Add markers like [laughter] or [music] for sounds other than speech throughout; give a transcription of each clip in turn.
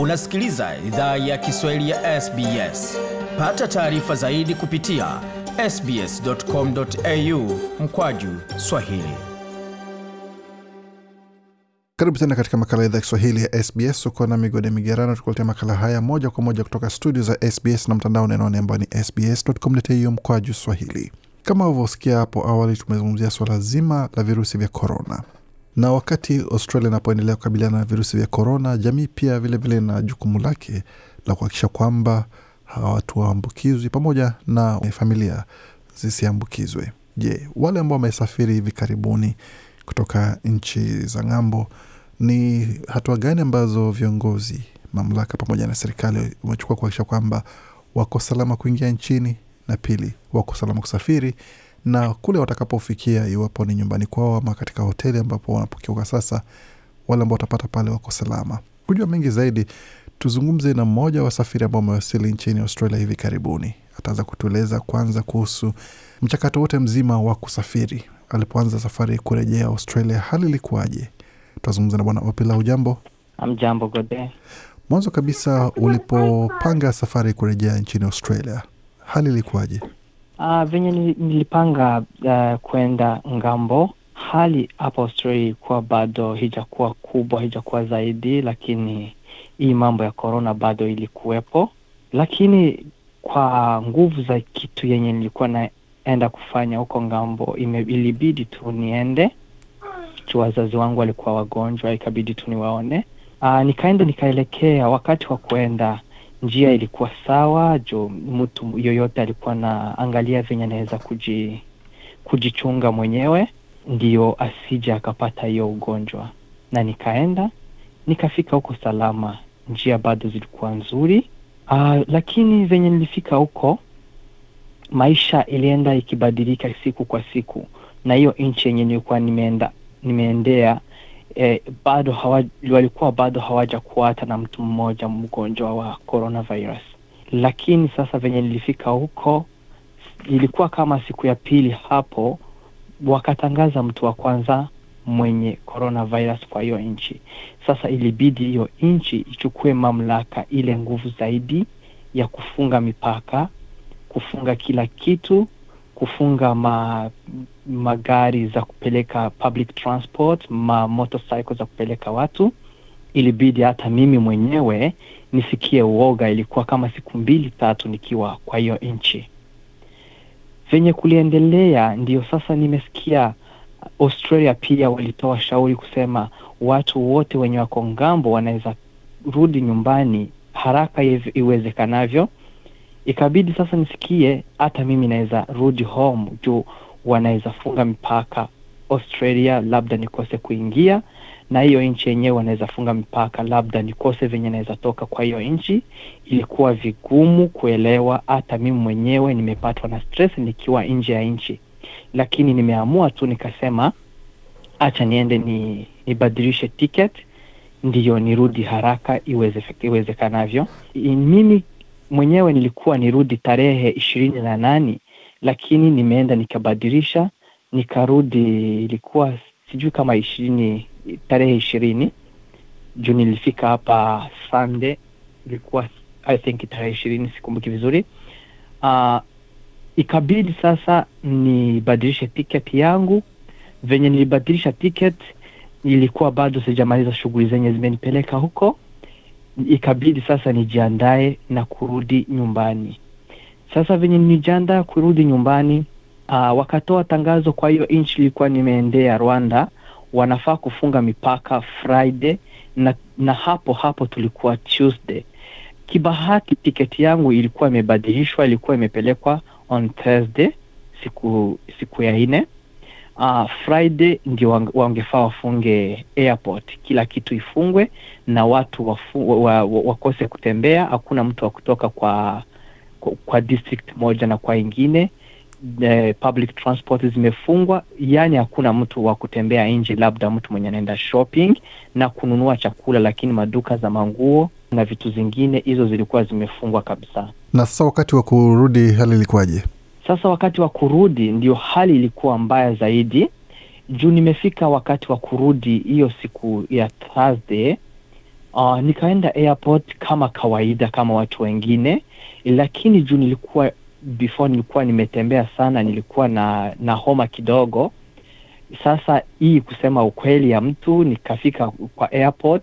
Unasikiliza idhaa ya Kiswahili ya SBS. Pata taarifa zaidi kupitia sbs.com.au mkwaju swahili. Karibu tena katika makala idhaa ya Kiswahili ya SBS. Uko na migode migerano, tukuletea makala haya moja kwa moja kutoka studio za SBS na mtandao unaenaone ambao ni sbs.com.au mkwaju swahili. Kama ulivyosikia hapo awali, tumezungumzia swala zima la virusi vya korona na wakati Australia inapoendelea kukabiliana na virusi vya korona, jamii pia vilevile na jukumu lake la kuhakikisha kwamba watu waambukizwi pamoja na familia zisiambukizwe. Je, wale ambao wamesafiri hivi karibuni kutoka nchi za ng'ambo, ni hatua gani ambazo viongozi, mamlaka pamoja na serikali wamechukua kuhakikisha kwamba wako salama kuingia nchini na pili, wako salama kusafiri na kule watakapofikia, iwapo ni nyumbani kwao ama katika hoteli ambapo wanapokiuka sasa, wale ambao watapata pale wako salama. Kujua mengi zaidi, tuzungumze na mmoja wa wasafiri ambao wamewasili nchini Australia hivi karibuni. Ataanza kutueleza kwanza kuhusu mchakato wote mzima wa kusafiri, alipoanza safari kurejea Australia, hali ilikuwaje? Tutazungumza na bwana Opila. Ujambo? Amjambo Gode. Mwanzo kabisa, ulipopanga safari kurejea nchini Australia, hali ilikuwaje? Uh, venye nilipanga uh, kwenda ngambo, hali hapa Australia ilikuwa bado hijakuwa kubwa, hijakuwa zaidi, lakini hii mambo ya korona bado ilikuwepo, lakini kwa nguvu za kitu yenye nilikuwa naenda kufanya huko ngambo ime, ilibidi tu niende wazazi wangu walikuwa wagonjwa, ikabidi tu niwaone. Uh, nikaenda nikaelekea, wakati wa kuenda njia ilikuwa sawa, jo mtu yoyote alikuwa na angalia venye anaweza kuji, kujichunga mwenyewe ndiyo asija akapata hiyo ugonjwa, na nikaenda nikafika huko salama, njia bado zilikuwa nzuri. Uh, lakini venye nilifika huko maisha ilienda ikibadilika siku kwa siku, na hiyo nchi yenye nilikuwa nimeenda nimeendea eh, bado hawa, walikuwa bado hawajakuata na mtu mmoja mgonjwa wa coronavirus, lakini sasa venye nilifika huko ilikuwa kama siku ya pili hapo, wakatangaza mtu wa kwanza mwenye coronavirus kwa hiyo nchi. Sasa ilibidi hiyo nchi ichukue mamlaka, ile nguvu zaidi ya kufunga mipaka, kufunga kila kitu, kufunga ma magari za kupeleka public transport, ma motorcycle za kupeleka watu. Ilibidi hata mimi mwenyewe nisikie uoga. Ilikuwa kama siku mbili tatu nikiwa kwa hiyo nchi. Venye kuliendelea, ndiyo sasa nimesikia Australia pia walitoa shauri kusema watu wote wenye wako ngambo wanaweza rudi nyumbani haraka iwezekanavyo. Ikabidi sasa nisikie hata mimi naweza rudi home juu wanaweza funga mipaka Australia, labda nikose kuingia na hiyo nchi yenyewe wanaweza funga mipaka, labda nikose venye naweza toka kwa hiyo nchi. Ilikuwa vigumu kuelewa, hata mimi mwenyewe nimepatwa na stress nikiwa nje ya nchi, lakini nimeamua tu nikasema, acha niende ni nibadilishe ticket ndiyo nirudi haraka iwezekanavyo. Mimi mwenyewe nilikuwa nirudi tarehe ishirini na nane lakini nimeenda nikabadilisha, nikarudi, ilikuwa sijui kama ishirini, tarehe ishirini juu nilifika hapa Sunday, ilikuwa I think tarehe ishirini, sikumbuki vizuri. Uh, ikabidi sasa nibadilishe tiketi yangu. Venye nilibadilisha tiketi, ilikuwa bado sijamaliza shughuli zenye zimenipeleka huko, ikabidi sasa nijiandae na kurudi nyumbani. Sasa venye nijanda kurudi nyumbani uh, wakatoa tangazo. Kwa hiyo nchi ilikuwa nimeendea Rwanda, wanafaa kufunga mipaka Friday na, na hapo hapo tulikuwa Tuesday. Kibahati tiketi yangu ilikuwa imebadilishwa, ilikuwa imepelekwa on Thursday, siku siku ya nne. Uh, Friday ndio wangefaa wafunge airport, kila kitu ifungwe na watu wafu, wa, wa, wakose kutembea, hakuna mtu wa kutoka kwa kwa district moja na kwa ingine eh, public transport zimefungwa, yani hakuna mtu wa kutembea nje, labda mtu mwenye anaenda shopping na kununua chakula, lakini maduka za manguo na vitu zingine hizo zilikuwa zimefungwa kabisa. Na sasa wakati wa kurudi hali ilikuwaje? Sasa wakati wa kurudi ndio hali ilikuwa mbaya zaidi, juu nimefika wakati wa kurudi hiyo siku ya Thursday. Uh, nikaenda airport kama kawaida kama watu wengine lakini juu nilikuwa before nilikuwa nimetembea sana, nilikuwa na na homa kidogo. Sasa hii kusema ukweli ya mtu, nikafika kwa airport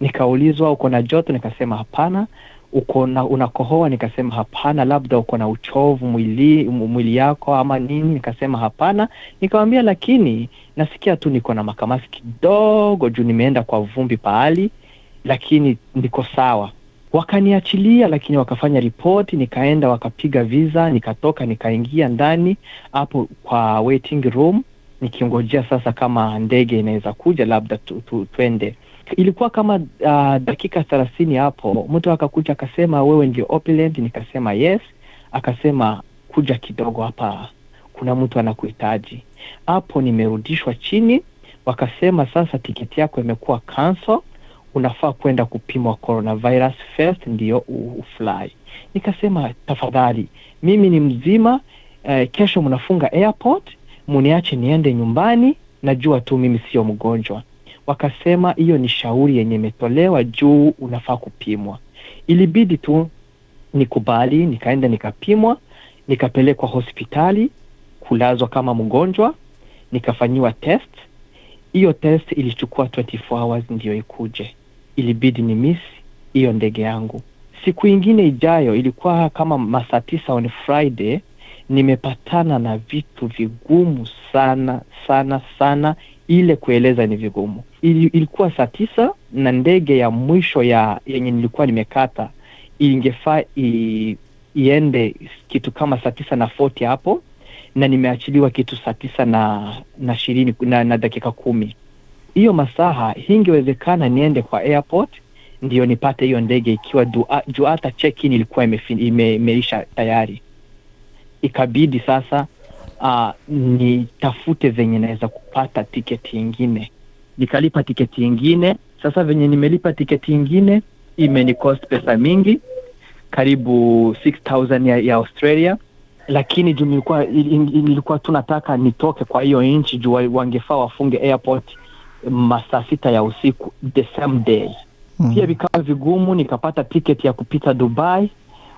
nikaulizwa uko na joto, nikasema hapana. Uko na unakohoa? Nikasema hapana. Labda uko na uchovu mwili mwili yako ama nini? Nikasema hapana. Nikawambia lakini nasikia tu niko na makamasi kidogo juu nimeenda kwa vumbi pahali, lakini niko sawa wakaniachilia, lakini wakafanya ripoti, nikaenda wakapiga visa, nikatoka nikaingia ndani hapo kwa waiting room nikingojea sasa kama ndege inaweza kuja labda tu, tu, tuende. Ilikuwa kama uh, dakika thelathini hapo, mtu akakuja akasema, wewe ndio Opulent? Nikasema yes. Akasema kuja kidogo hapa, kuna mtu anakuhitaji. Hapo nimerudishwa chini, wakasema sasa tiketi yako imekuwa cancel unafaa kwenda kupimwa coronavirus first ndiyo ufly. Nikasema tafadhali, mimi ni mzima eh, kesho mnafunga airport, muniache niende nyumbani, najua tu mimi sio mgonjwa. Wakasema hiyo ni shauri yenye imetolewa juu unafaa kupimwa. Ilibidi tu nikubali, nikaenda nikapimwa, nikapelekwa hospitali kulazwa kama mgonjwa, nikafanyiwa test. Hiyo test ilichukua 24 hours ndiyo ikuje ilibidi ni miss hiyo ndege yangu. Siku ingine ijayo ilikuwa kama masaa tisa on Friday, nimepatana na vitu vigumu sana sana sana, ile kueleza ni vigumu. Ilikuwa saa tisa na ndege ya mwisho ya yenye nilikuwa nimekata ingefaa iende kitu kama saa tisa na foti hapo, na nimeachiliwa kitu saa tisa na na ishirini na, na dakika kumi hiyo masaha hingewezekana niende kwa airport ndio nipate hiyo ndege, ikiwa juu hata check in ilikuwa ime, imeisha tayari. Ikabidi sasa uh, nitafute venye naweza kupata tiketi ingine, nikalipa tiketi ingine. Sasa venye nimelipa tiketi ingine imenicost pesa mingi karibu 6000 ya, ya Australia lakini juu nilikuwa nilikuwa tu nataka nitoke kwa hiyo nchi juu wangefaa wafunge airport masaa sita ya usiku the same day mm. Pia vikawa vigumu, nikapata tiketi ya kupita Dubai,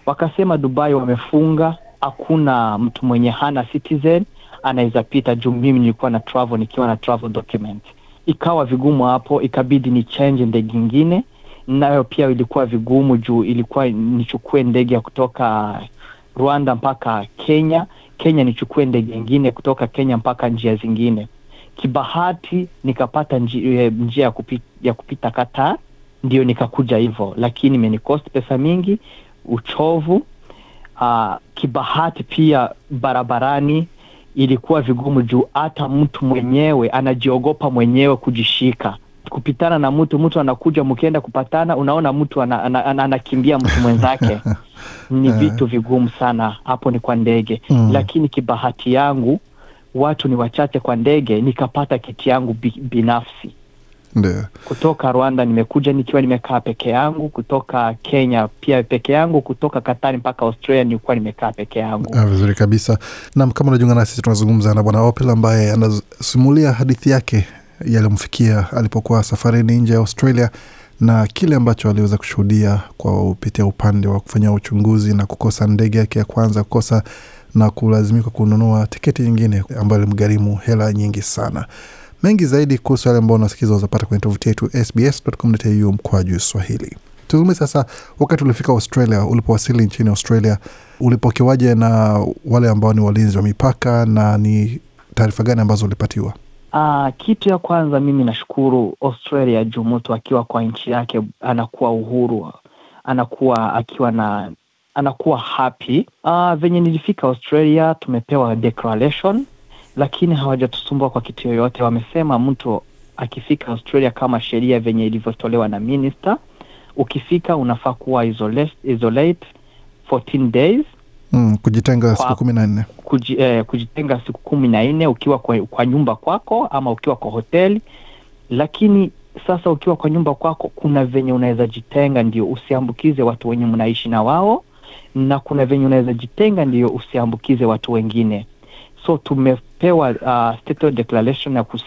wakasema Dubai wamefunga, hakuna mtu mwenye hana citizen anaweza pita, juu mimi nilikuwa na travel nikiwa na travel document. Ikawa vigumu hapo, ikabidi ni change ndege ingine, nayo pia ilikuwa vigumu juu ilikuwa nichukue ndege ya kutoka Rwanda mpaka Kenya, Kenya nichukue ndege ingine kutoka Kenya mpaka njia zingine kibahati nikapata njia, eh, njia ya, kupita, ya kupita Qatar, ndio nikakuja hivyo, lakini imenikost pesa mingi, uchovu. Uh, kibahati pia barabarani ilikuwa vigumu juu hata mtu mwenyewe anajiogopa mwenyewe kujishika kupitana na mtu mtu anakuja, mkienda kupatana, unaona mtu anakimbia ana, ana, ana mtu mwenzake [laughs] ni eh. vitu vigumu sana hapo, ni kwa ndege mm. Lakini kibahati yangu watu ni wachache kwa ndege, nikapata kiti yangu bi, binafsi ndio Kutoka Rwanda nimekuja nikiwa nimekaa peke yangu, kutoka Kenya pia peke yangu, kutoka Katari mpaka Australia nilikuwa nimekaa peke yangu. Ah, vizuri kabisa. nam kama unajunga nasi tunazungumza na Bwana Opel ambaye anasimulia hadithi yake yaliyomfikia alipokuwa safarini nje ya Australia na kile ambacho aliweza kushuhudia kwa kupitia upande wa kufanya uchunguzi na kukosa ndege yake ya kwanza, kukosa na kulazimika kununua tiketi nyingine ambayo limgarimu hela nyingi sana. Mengi zaidi kuhusu yale ambao unasikiza wazapata kwenye tovuti yetu sbs.com.au mkwaju Swahili. Tuzungumze sasa, wakati ulifika Australia, ulipowasili nchini Australia, ulipokewaje na wale ambao ni walinzi wa mipaka na ni taarifa gani ambazo ulipatiwa? Uh, kitu ya kwanza mimi nashukuru Australia juu mtu akiwa kwa nchi yake anakuwa uhuru, anakuwa akiwa na anakuwa happy. Uh, venye nilifika Australia tumepewa declaration, lakini hawajatusumbua kwa kitu yoyote. Wamesema mtu akifika Australia kama sheria venye ilivyotolewa na minister, ukifika unafaa kuwa isolate, isolate 14 days Mm, kujitenga siku kumi na nne kuji, eh, kujitenga siku kumi na nne ukiwa kwa, kwa nyumba kwako ama ukiwa kwa hoteli. Lakini sasa ukiwa kwa nyumba kwako kuna venye unaweza jitenga ndio usiambukize watu wenye mnaishi na wao, na kuna venye unaweza jitenga ndiyo usiambukize watu wengine. So tumepewa uh, declaration ya ku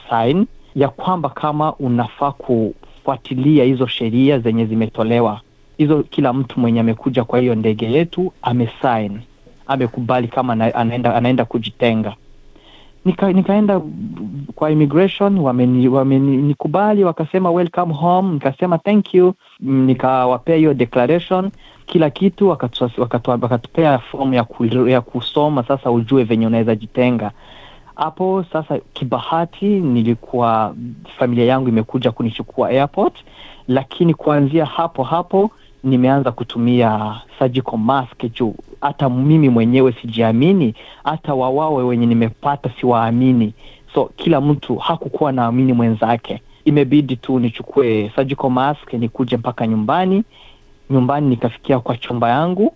ya kwamba kama unafaa kufuatilia hizo sheria zenye zimetolewa hizo, kila mtu mwenye amekuja kwa hiyo ndege yetu amesain, amekubali kama anaenda, anaenda kujitenga. Nika, nikaenda kwa immigration wamenikubali, wame, wakasema welcome home, nikasema thank you, nikawapea hiyo declaration kila kitu, wakatupea fomu ya, ya kusoma, sasa ujue venye unaweza jitenga hapo. Sasa kibahati, nilikuwa familia yangu imekuja kunichukua airport, lakini kuanzia hapo hapo nimeanza kutumia surgical mask juu hata mimi mwenyewe sijiamini, hata wawawe wenye nimepata siwaamini, so kila mtu hakukuwa naamini mwenzake. Imebidi tu nichukue surgical mask nikuje mpaka nyumbani nyumbani nikafikia kwa chumba yangu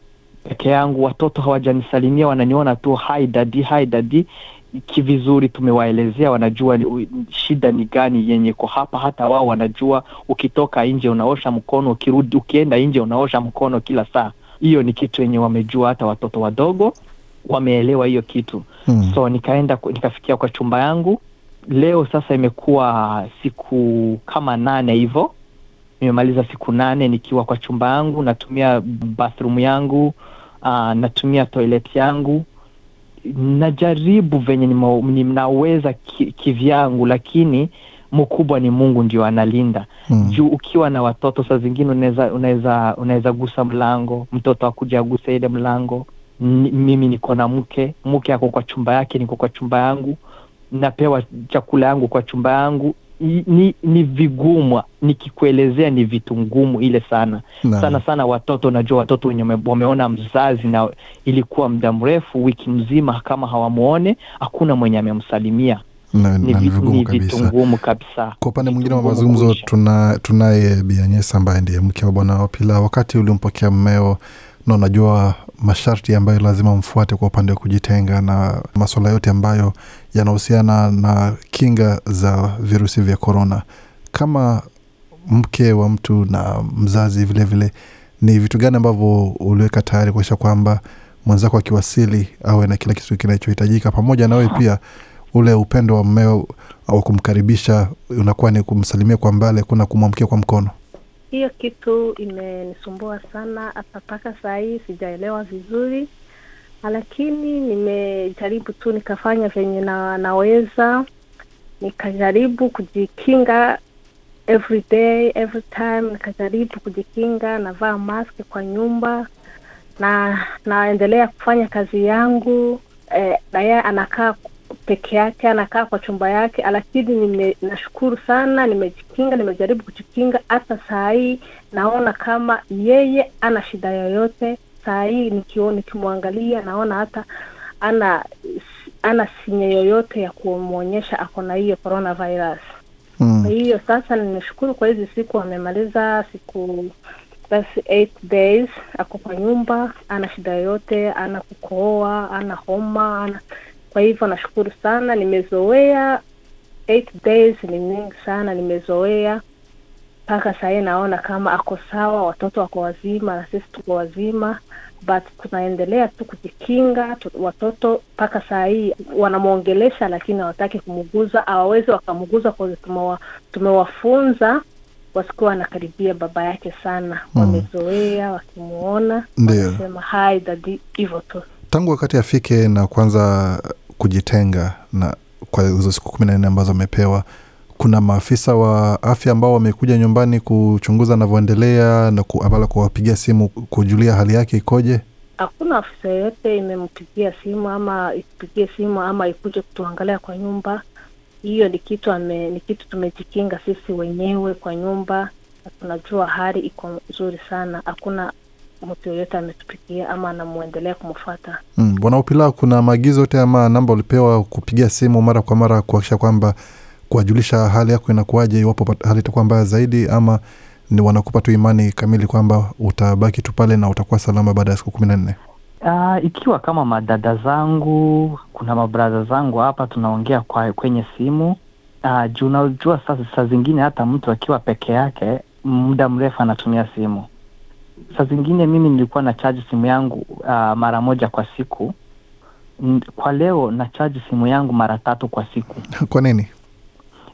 peke yangu, watoto hawajanisalimia, wananiona tu hai dadi, hai dadi. Kivizuri tumewaelezea, wanajua shida ni gani yenye ko hapa. Hata wao wanajua, ukitoka nje unaosha mkono, ukirudi, ukienda nje unaosha mkono kila saa. Hiyo ni kitu yenye wamejua, hata watoto wadogo wameelewa hiyo kitu hmm. So nikaenda nikafikia kwa chumba yangu leo. Sasa imekuwa siku kama nane hivo Nimemaliza siku nane nikiwa kwa chumba yangu, natumia bathroom yangu, uh, natumia toilet yangu, najaribu venye ninaweza kivyangu, lakini mkubwa ni Mungu ndio analinda hmm. Juu ukiwa na watoto saa zingine unaweza unaweza unaweza gusa mlango, mtoto akuja aguse ile mlango. N, mimi niko na mke, mke ako kwa chumba yake, niko kwa chumba yangu, napewa chakula yangu kwa chumba yangu ni, ni vigumwa nikikuelezea ni vitu ngumu ile sana na sana sana watoto, najua watoto wenye wameona mzazi na ilikuwa muda mrefu, wiki mzima kama hawamwone hakuna mwenye amemsalimia. Na, na, ni vitu ngumu kabisa. Kwa upande mwingine wa mazungumzo, tunaye tuna Bianyesa ambaye ndiye mke wa Bwana Wapila. Wakati ulimpokea mmeo na unajua masharti ambayo lazima mfuate kwa upande wa kujitenga na masuala yote ambayo yanahusiana na kinga za virusi vya korona. Kama mke wa mtu na mzazi vilevile vile, ni vitu gani ambavyo uliweka tayari kuakisha kwamba mwenzako akiwasili awe na kila kitu kinachohitajika, pamoja na wewe pia ule upendo wa mmeo wa kumkaribisha unakuwa ni kumsalimia kwa mbali, kuna kumwamkia kwa mkono. Hiyo kitu imenisumbua sana hata mpaka saa hii sijaelewa vizuri, lakini nimejaribu tu nikafanya venye na, naweza nikajaribu kujikinga every day every time, nikajaribu kujikinga, navaa mask kwa nyumba na naendelea kufanya kazi yangu eh, na anakaa peke yake, anakaa kwa chumba yake, lakini nashukuru sana, nimejikinga, nimejaribu kujikinga. Hata saa hii naona kama yeye ana shida yoyote. Saa hii nikimwangalia, naona hata ana ana sinye yoyote ya kumwonyesha ako na hiyo coronavirus. Mm. Kwa hiyo sasa nimeshukuru kwa hizi siku amemaliza siku basi eight days ako kwa nyumba, ana shida yoyote, ana kukohoa, ana homa, ana kwa hivyo nashukuru sana, nimezoea eight days, ni nyingi sana, nimezoea mpaka sahii naona kama ako sawa, watoto wako wazima na sisi tuko wazima, but tunaendelea tu kujikinga. Watoto mpaka sahii hii wanamwongelesha, lakini hawataki kumuguza, hawawezi wakamuguza kwa tumewa, tumewafunza wasikuwa wanakaribia baba yake sana. Mm. Wamezoea wakimwona wanasema hai dadi, hivyo tu tangu wakati afike na kwanza kujitenga na kwa hizo siku kumi na nne ambazo amepewa kuna maafisa wa afya ambao wamekuja nyumbani kuchunguza anavyoendelea na abala kuwapigia simu kujulia hali yake ikoje hakuna afisa yeyote imempigia simu ama ipigie simu ama ikuje kutuangalia kwa nyumba hiyo ni kitu ame, ni kitu tumejikinga sisi wenyewe kwa nyumba tunajua hali iko nzuri sana hakuna mtu yoyote ametupigia ama anamwendelea kumfata. Mm, Bwana Upila, kuna maagizo yote ama namba ulipewa kupigia simu mara kwa mara kuhakikisha kwamba kuwajulisha hali yako inakuwaje, iwapo hali itakuwa mbaya zaidi, ama ni wanakupa tu imani kamili kwamba utabaki tu pale na utakuwa salama baada ya siku kumi na nne? Uh, ikiwa kama madada zangu, kuna mabradha zangu hapa tunaongea kwa kwenye simu uh, ah, juu unajua, saa zingine hata mtu akiwa peke yake muda mrefu anatumia simu saa zingine mimi nilikuwa na chaji simu yangu uh, mara moja kwa siku. Kwa leo na chaji simu yangu mara tatu kwa siku. [laughs] Kwa nini?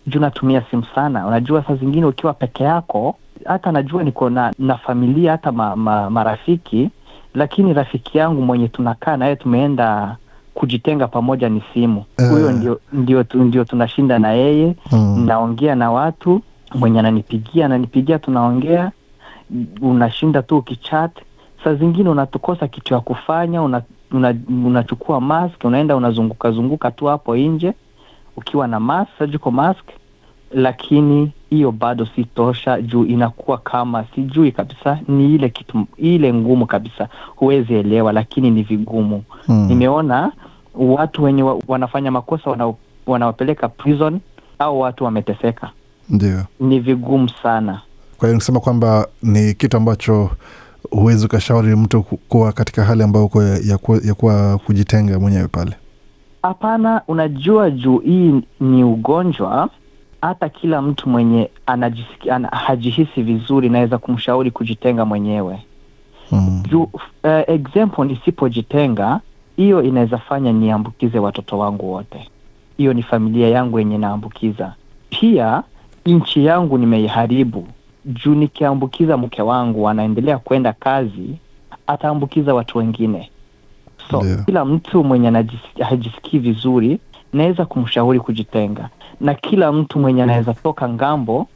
Juu natumia simu sana. Unajua, saa zingine ukiwa peke yako, hata najua niko na, na familia hata ma, ma, marafiki, lakini rafiki yangu mwenye tunakaa naye tumeenda kujitenga pamoja ni simu. Eh. Huyo uh, ndio, ndio, ndio tunashinda na yeye mm. Naongea na watu mwenye ananipigia ananipigia, tunaongea unashinda tu ukichat. Saa zingine unatukosa kitu ya kufanya, unachukua una, una mask unaenda unazunguka zunguka tu hapo nje ukiwa na mask, surgical mask, lakini hiyo bado si tosha, juu inakuwa kama sijui kabisa, ni ile kitu ile ngumu kabisa, huwezi elewa, lakini ni vigumu hmm. Nimeona watu wenye wanafanya makosa wana, wanawapeleka prison au watu wameteseka, ndio ni vigumu sana. Kwa hiyo nikisema kwamba ni kitu ambacho huwezi ukashauri mtu kuwa katika hali ambayo uko ya, kuwa kujitenga mwenyewe pale. Hapana, unajua juu hii ni ugonjwa, hata kila mtu mwenye anajisiki, an, hajihisi vizuri naweza kumshauri kujitenga mwenyewe mm. Juu, uh, example nisipojitenga, hiyo inaweza fanya niambukize watoto wangu wote, hiyo ni familia yangu yenye naambukiza, pia nchi yangu nimeiharibu juu nikiambukiza mke wangu anaendelea kwenda kazi, ataambukiza watu wengine. So yeah. Kila mtu mwenye hajisikii vizuri naweza kumshauri kujitenga, na kila mtu mwenye anaweza toka ngambo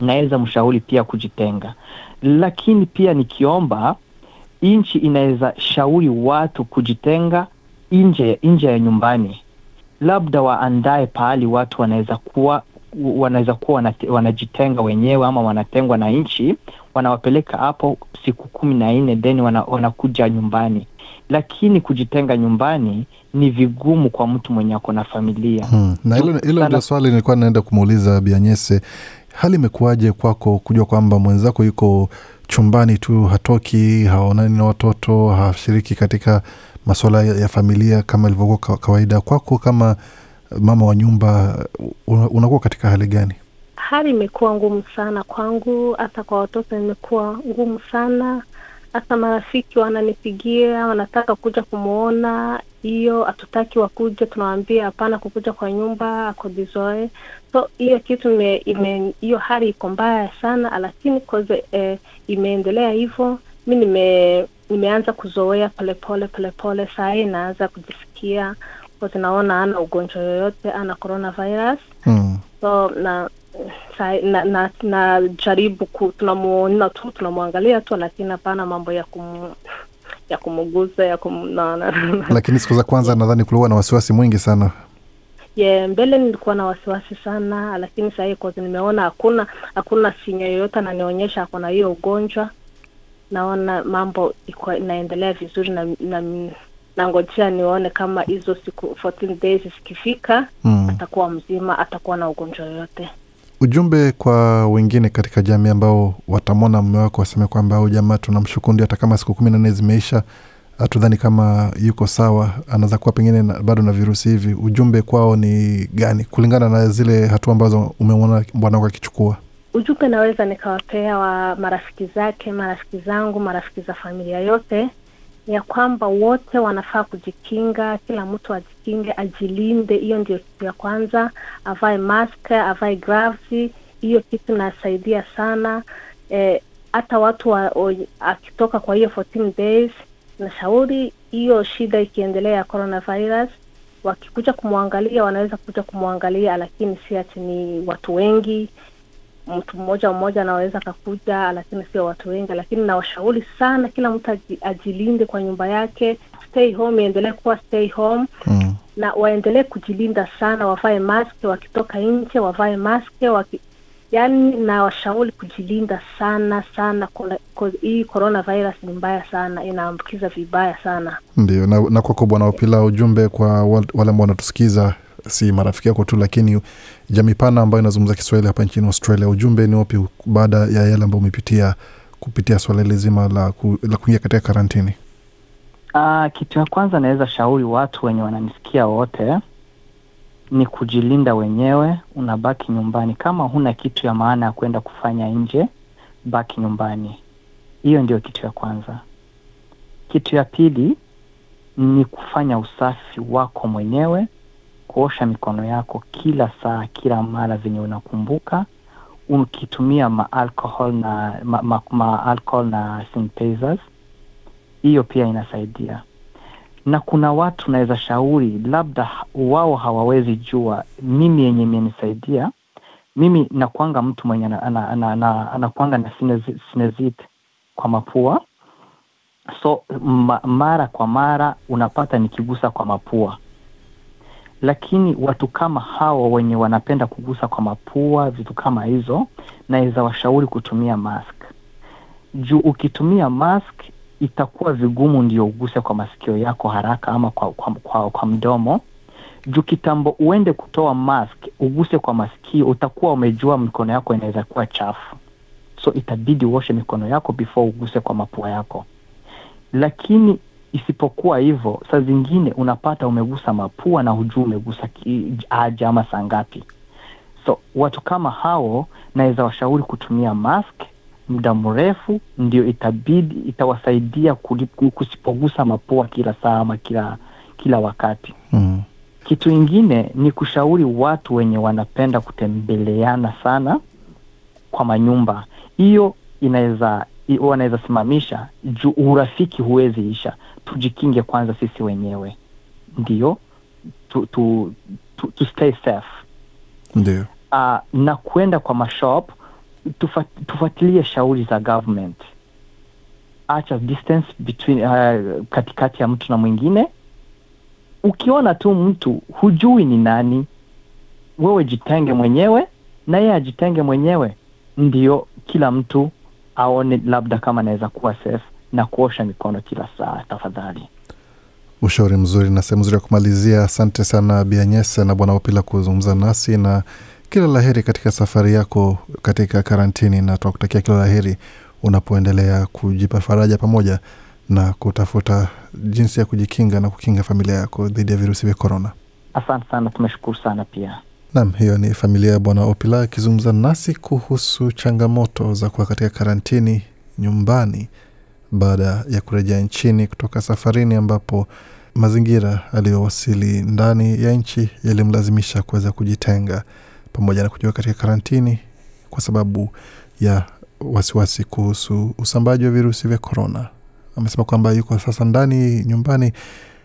naweza mshauri pia kujitenga, lakini pia nikiomba nchi inaweza shauri watu kujitenga nje nje ya nyumbani, labda waandae pahali watu wanaweza kuwa wanaweza kuwa wanajitenga wenyewe ama wanatengwa na nchi, wanawapeleka hapo siku kumi na nne then wana, wanakuja nyumbani. Lakini kujitenga nyumbani ni vigumu kwa mtu mwenye ako na familia hmm. Na hilo ndio swali nilikuwa naenda kumuuliza Bianyese, hali imekuwaje kwako kujua kwamba mwenzako yuko chumbani tu, hatoki, haonani na watoto, hashiriki katika masuala ya familia kama ilivyokuwa kawaida kwako kama mama wa nyumba, unakuwa katika hali gani? Hali imekuwa ngumu sana kwangu, hata kwa watoto imekuwa ngumu sana hata marafiki wananipigia, wanataka kuja kumwona, hiyo hatutaki wakuja, tunawaambia hapana, kukuja kwa nyumba akodizoe. So hiyo kitu hiyo hali iko mbaya sana, lakini koze eh, imeendelea hivyo, mi nime, nimeanza kuzoea polepole polepole, saa hii naanza kujisikia kwa tunaona ana ugonjwa yoyote, ana coronavirus mm. so na na, na, na jaribu tunamuona tu tunamwangalia tu, lakini hapana mambo ya kum ya kumuguza ya kum, na, na, na. Lakini siku za kwanza nadhani kulikuwa na wasiwasi mwingi sana ye yeah, mbele nilikuwa na wasiwasi sana, lakini sahii kozi nimeona hakuna hakuna sinya yoyote ananionyesha ako na hiyo ugonjwa. Naona mambo inaendelea vizuri na, na nangojea nione kama hizo siku 14 days zikifika, mm. atakuwa mzima, atakuwa na ugonjwa yoyote. Ujumbe kwa wengine katika jamii ambao watamwona mume wako waseme kwamba au jamaa, tunamshukuru, ndio hata kama siku kumi na nne zimeisha, hatudhani kama yuko sawa, anaweza kuwa pengine na, bado na virusi hivi. Ujumbe kwao ni gani kulingana na zile hatua ambazo umemwona bwanako akichukua? Ujumbe naweza nikawapea wa marafiki zake, marafiki zangu, marafiki za familia yote ya kwamba wote wanafaa kujikinga, kila mtu ajikinge, ajilinde. Hiyo ndio kitu ya kwanza, avae mask, avae gloves. Hiyo kitu nasaidia sana eh, hata e, watu wa, o, akitoka kwa hiyo 14 days nashauri hiyo shida ikiendelea ya coronavirus, wakikuja kumwangalia wanaweza kuja kumwangalia, lakini si ati ni watu wengi mtu mmoja mmoja anaweza akakuja, lakini sio watu wengi. Lakini nawashauri sana kila mtu ajilinde kwa nyumba yake, stay home, iendelee kuwa stay home mm. na waendelee kujilinda sana, wavae maske wakitoka nje, wavae maske waki... Yani nawashauri kujilinda sana sana, hii corona virus ni mbaya sana, inaambukiza vibaya sana. Ndio na, na kwako Bwana Wapila, ujumbe kwa wale ambao wanatusikiza si marafiki yako tu, lakini jamii pana ambayo inazungumza Kiswahili hapa nchini Australia, ujumbe ni wapi baada ya yale ambayo umepitia kupitia swala hili zima la, ku, la kuingia katika karantini? Uh, kitu ya kwanza naweza shauri watu wenye wananisikia wote ni kujilinda wenyewe. Unabaki nyumbani kama huna kitu ya maana ya kwenda kufanya nje, baki nyumbani. Hiyo ndio kitu ya kwanza. Kitu ya pili ni kufanya usafi wako mwenyewe kuosha mikono yako kila saa, kila mara zenye unakumbuka, ukitumia maalcohol na ma, ma alcohol na Hiyo pia inasaidia, na kuna watu naweza shauri, labda wao hawawezi jua. Mimi yenye imenisaidia mimi, nakwanga mtu mwenye anakwanga na, na, na, na, na sinezit kwa mapua so ma, mara kwa mara unapata nikigusa kwa mapua lakini watu kama hawa wenye wanapenda kugusa kwa mapua, vitu kama hizo, naweza washauri kutumia mask, juu ukitumia mask itakuwa vigumu ndio uguse kwa masikio yako haraka ama kwa, kwa, kwa, kwa mdomo juu kitambo uende kutoa mask uguse kwa masikio, utakuwa umejua mikono yako inaweza kuwa chafu, so itabidi uoshe mikono yako before uguse kwa mapua yako. Lakini Isipokuwa hivyo, saa zingine unapata umegusa mapua na hujuu umegusa haja ama saa ngapi. So watu kama hao naweza washauri kutumia mask muda mrefu, ndio itabidi itawasaidia kusipogusa mapua kila saa ama kila kila wakati mm. Kitu ingine ni kushauri watu wenye wanapenda kutembeleana sana kwa manyumba, hiyo inaweza wanaweza simamisha juu urafiki huwezi isha tujikinge kwanza sisi wenyewe, ndio tu, tu, tu, tu stay safe ndio. Uh, na kuenda kwa mashop tufuatilie shauri za government. Acha distance between uh, katikati ya mtu na mwingine. Ukiona tu mtu hujui ni nani, wewe jitenge mwenyewe na yeye ajitenge mwenyewe, ndio kila mtu aone labda kama anaweza kuwa safe na kuosha mikono kila saa tafadhali. Ushauri mzuri na sehemu zuri ya kumalizia. Asante sana bianyese na Bwana Opila kuzungumza nasi na kila laheri katika safari yako katika karantini, na tunakutakia kila laheri unapoendelea kujipa faraja pamoja na kutafuta jinsi ya kujikinga na kukinga familia yako dhidi ya virusi vya korona. Asante sana, tumeshukuru sana pia. Nam, hiyo ni familia ya Bwana Opila akizungumza nasi kuhusu changamoto za kuwa katika karantini nyumbani baada ya kurejea nchini kutoka safarini ambapo mazingira aliyowasili ndani ya nchi yalimlazimisha kuweza kujitenga pamoja na kujiwa katika karantini kwa sababu ya wasiwasi kuhusu usambaji wa virusi vya korona. Amesema kwamba yuko sasa ndani nyumbani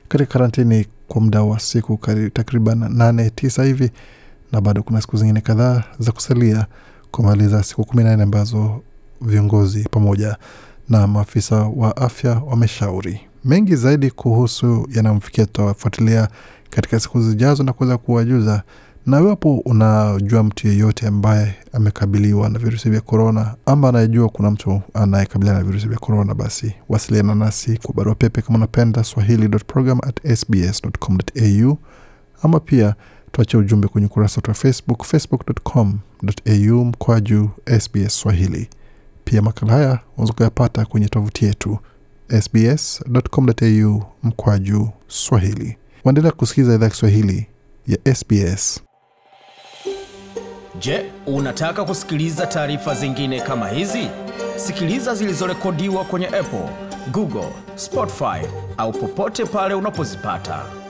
katika karantini kwa muda wa siku takriban nane tisa hivi, na bado kuna siku zingine kadhaa za kusalia kumaliza siku kumi na nne ambazo viongozi pamoja na maafisa wa afya wameshauri. Mengi zaidi kuhusu yanayomfikia tutafuatilia katika siku zijazo na kuweza kuwajuza na iwapo unajua mtu yeyote ambaye amekabiliwa na virusi vya korona ama anayejua kuna mtu anayekabiliana na virusi vya korona, basi wasiliana nasi kwa barua pepe kama unapenda swahili.program@sbs.com.au, ama pia tuache ujumbe kwenye ukurasa wetu wa Facebook, facebook.com.au mkwaju SBS Swahili. Pia makala haya unaweza kuyapata kwenye tovuti yetu sbs.com.au mkwaju swahili. Waendelea kusikiliza idhaa ya Kiswahili ya SBS. Je, unataka kusikiliza taarifa zingine kama hizi? Sikiliza zilizorekodiwa kwenye Apple, Google, Spotify au popote pale unapozipata.